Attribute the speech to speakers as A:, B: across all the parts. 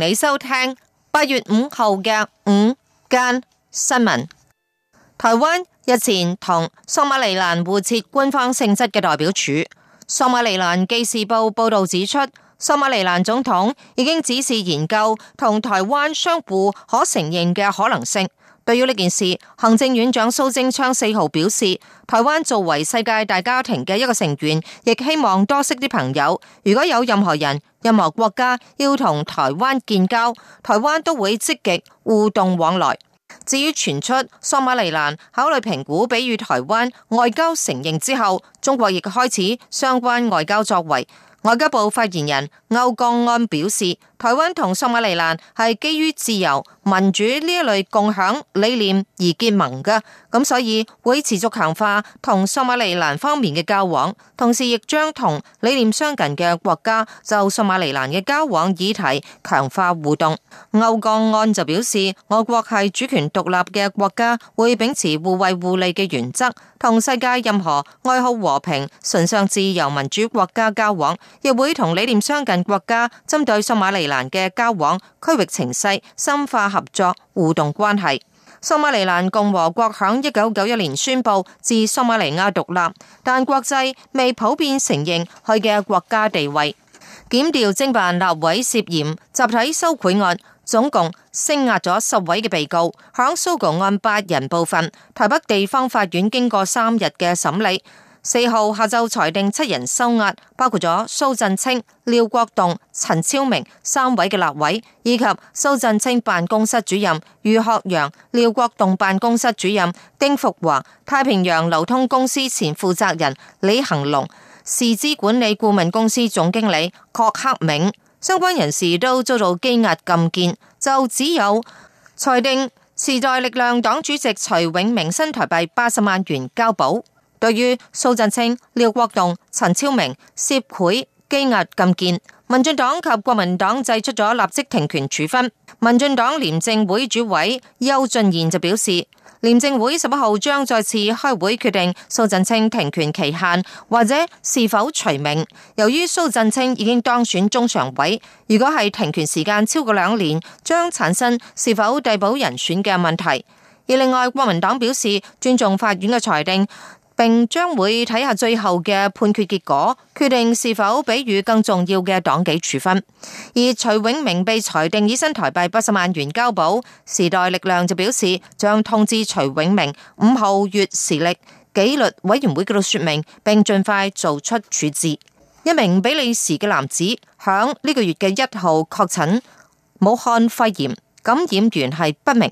A: 你收聽八月五號嘅午間新聞。台灣日前同索馬利蘭互設官方性質嘅代表處。索馬利蘭《記事報》報道指出，索馬利蘭總統已經指示研究同台灣相互可承認嘅可能性。對於呢件事，行政院長蘇貞昌四號表示，台灣作為世界大家庭嘅一個成員，亦希望多識啲朋友。如果有任何人、任何國家要同台灣建交，台灣都會積極互動往來。至於傳出索馬利蘭考慮評估比與台灣外交承認之後，中國亦開始相關外交作為。外交部發言人歐江安表示，台灣同索馬利蘭係基於自由民主呢一類共享理念而結盟嘅，咁所以會持續強化同索馬利蘭方面嘅交往，同時亦將同理念相近嘅國家就索馬利蘭嘅交往議題強化互動。歐江安就表示，我國係主權獨立嘅國家，會秉持互惠互利嘅原則，同世界任何愛好和平、崇尚自由民主國家交往，亦會同理念相近國家針對索馬利蘭蘭嘅交往、區域情勢、深化合作、互動關係。索馬利蘭共和國響一九九一年宣布自索馬利亞獨立，但國際未普遍承認佢嘅國家地位。檢調偵辦立委涉嫌集體收賄案，總共聲押咗十位嘅被告。響蘇狗案，八人部分，台北地方法院經過三日嘅審理，四號下晝裁定七人收押，包括咗蘇震清、廖國棟、陳超明三位嘅立委，以及蘇震清辦公室主任余學洋、廖國棟辦公室主任丁福華、太平洋流通公司前負責人李恆龍、時之管理顧問公司總經理郭克明，相關人士都遭到羈押禁見，就只有裁定時代力量黨主席徐永明新台幣八十萬元交保。對於蘇震清、廖國棟、陳超明涉賄、羈押、禁見，民進黨及國民黨祭出咗立即停權處分。民進黨廉政會主委邱俊賢就表示，廉政會十一號將再次開會決定蘇震清停權期限或者是否除名。由於蘇震清已經當選中常委，如果係停權時間超過兩年，將產生是否遞補人選嘅問題。而另外，國民黨表示尊重法院嘅裁定。並將會睇下最後嘅判決結果，決定是否給予更重要嘅黨紀處分。而徐永明被裁定以新台幣八十萬元交保，時代力量就表示將通知徐永明五號月時力紀律委員會嘅度說明，並盡快做出處置。一名比利時嘅男子響呢個月嘅一號確診武漢肺炎。感染源係不明，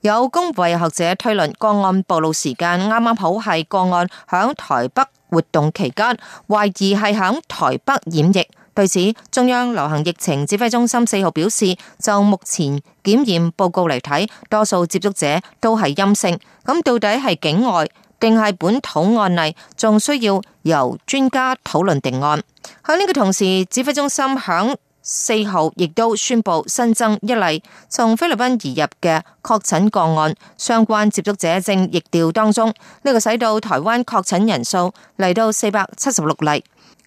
A: 有公衛學者推論個案暴露時間啱啱好係個案響台北活動期間，懷疑係響台北染疫。對此，中央流行疫情指揮中心四號表示，就目前檢驗報告嚟睇，多數接觸者都係陰性。咁到底係境外定係本土案例，仲需要由專家討論定案。喺呢個同時，指揮中心響四號亦都宣布新增一例從菲律賓移入嘅確診個案，相關接觸者正疫調當中，呢個使到台灣確診人數嚟到四百七十六例。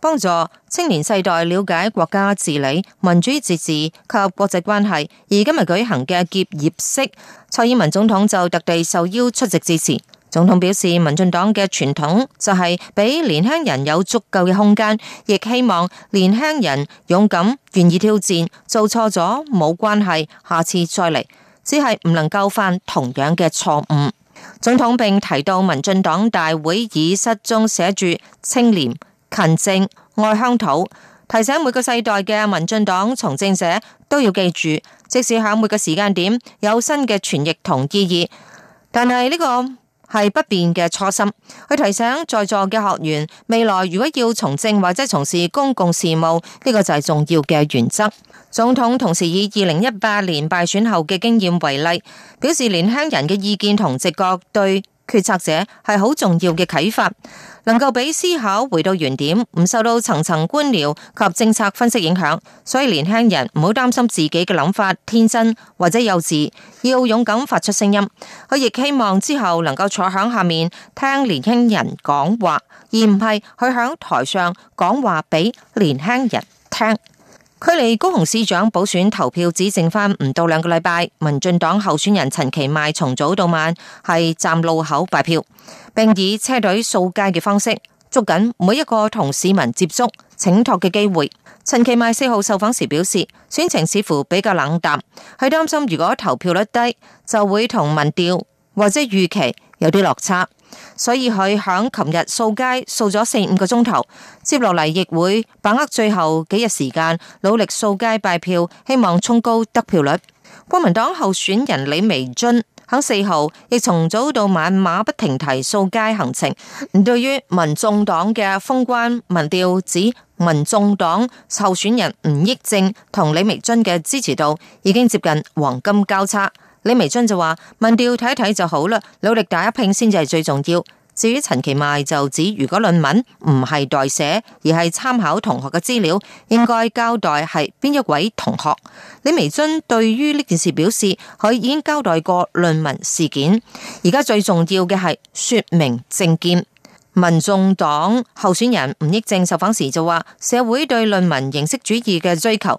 A: 幫助青年世代了解國家治理、民主自治及國際關係。而今日舉行嘅結業式，蔡英文總統就特地受邀出席支持。總統表示，民進黨嘅傳統就係俾年輕人有足夠嘅空間，亦希望年輕人勇敢、願意挑戰，做錯咗冇關係，下次再嚟，只係唔能夠犯同樣嘅錯誤。總統並提到，民進黨大會議室中寫住青年。勤政愛鄉土，提醒每個世代嘅民進黨從政者都要記住，即使喺每個時間點有新嘅詮釋同意義，但係呢個係不變嘅初心。去提醒在座嘅學員，未來如果要從政或者從事公共事務，呢、這個就係重要嘅原則。總統同時以二零一八年敗選後嘅經驗為例，表示年輕人嘅意見同直覺對。決策者係好重要嘅啟發，能夠俾思考回到原點，唔受到層層官僚及政策分析影響。所以年輕人唔好擔心自己嘅諗法天真或者幼稚，要勇敢發出聲音。佢亦希望之後能夠坐響下面聽年輕人講話，而唔係去響台上講話俾年輕人聽。距離高雄市長補選投票只剩翻唔到兩個禮拜，民進黨候選人陳其邁從早到晚係站路口拜票，並以車隊掃街嘅方式捉緊每一個同市民接觸、請託嘅機會。陳其邁四號受訪時表示，選情似乎比較冷淡，佢擔心如果投票率低，就會同民調或者預期有啲落差。所以佢響琴日掃街掃咗四五個鐘頭，接落嚟，亦會把握最後幾日時間，努力掃街拜票，希望衝高得票率。國民黨候選人李眉蓁響四號亦從早到晚馬不停蹄掃街行程。對於民眾黨嘅封關民調指，民眾黨候選人吳益政同李眉蓁嘅支持度已經接近黃金交叉。李眉蓁就話：問調睇一睇就好啦，努力打一拼先至係最重要。至於陳其邁就指，如果論文唔係代寫，而係參考同學嘅資料，應該交代係邊一位同學。李眉蓁對於呢件事表示，佢已經交代過論文事件，而家最重要嘅係說明政見。民眾黨候選人吳益政受訪時就話：社會對論文形式主義嘅追求。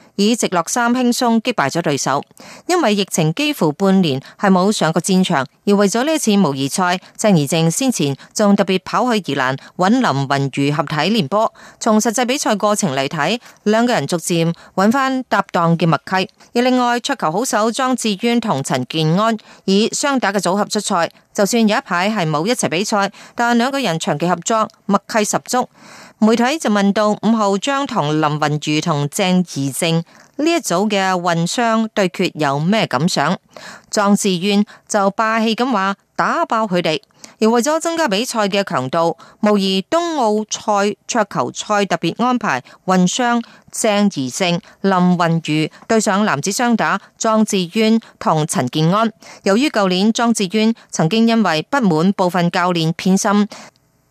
A: 以直落三輕鬆擊敗咗對手，因為疫情幾乎半年係冇上過戰場，而為咗呢次模擬賽，鄭怡靜先前仲特別跑去宜蘭揾林昀儒合體練波。從實際比賽過程嚟睇，兩個人逐漸揾翻搭檔嘅默契。而另外桌球好手莊智淵同陳建安以雙打嘅組合出賽，就算有一排係冇一齊比賽，但兩個人長期合作默契十足。媒體就問到五號張同林雲如同鄭怡靜呢一組嘅混雙對決有咩感想？莊智淵就霸氣咁話打爆佢哋，而為咗增加比賽嘅強度，模擬東奧賽桌球賽特別安排混雙鄭怡靜林雲如對上男子雙打莊智淵同陳建安。由於舊年莊智淵曾經因為不滿部分教練偏心。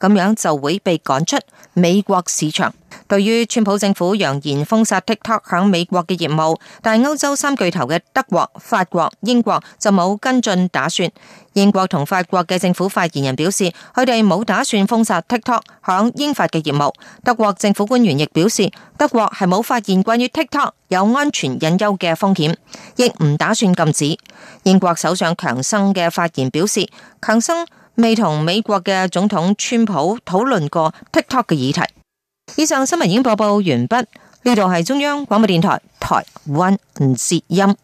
A: 咁樣就會被趕出美國市場。對於川普政府揚言封殺 TikTok 響美國嘅業務，但係歐洲三巨頭嘅德國、法國、英國就冇跟進打算。英國同法國嘅政府發言人表示，佢哋冇打算封殺 TikTok 響英法嘅業務。德國政府官員亦表示，德國係冇發現關於 TikTok 有安全隱憂嘅風險，亦唔打算禁止。英國首相強生嘅發言表示，強生。未同美國嘅總統川普討論過 TikTok 嘅議題。以上新聞已經播報完畢，呢度係中央廣播電台台灣之音。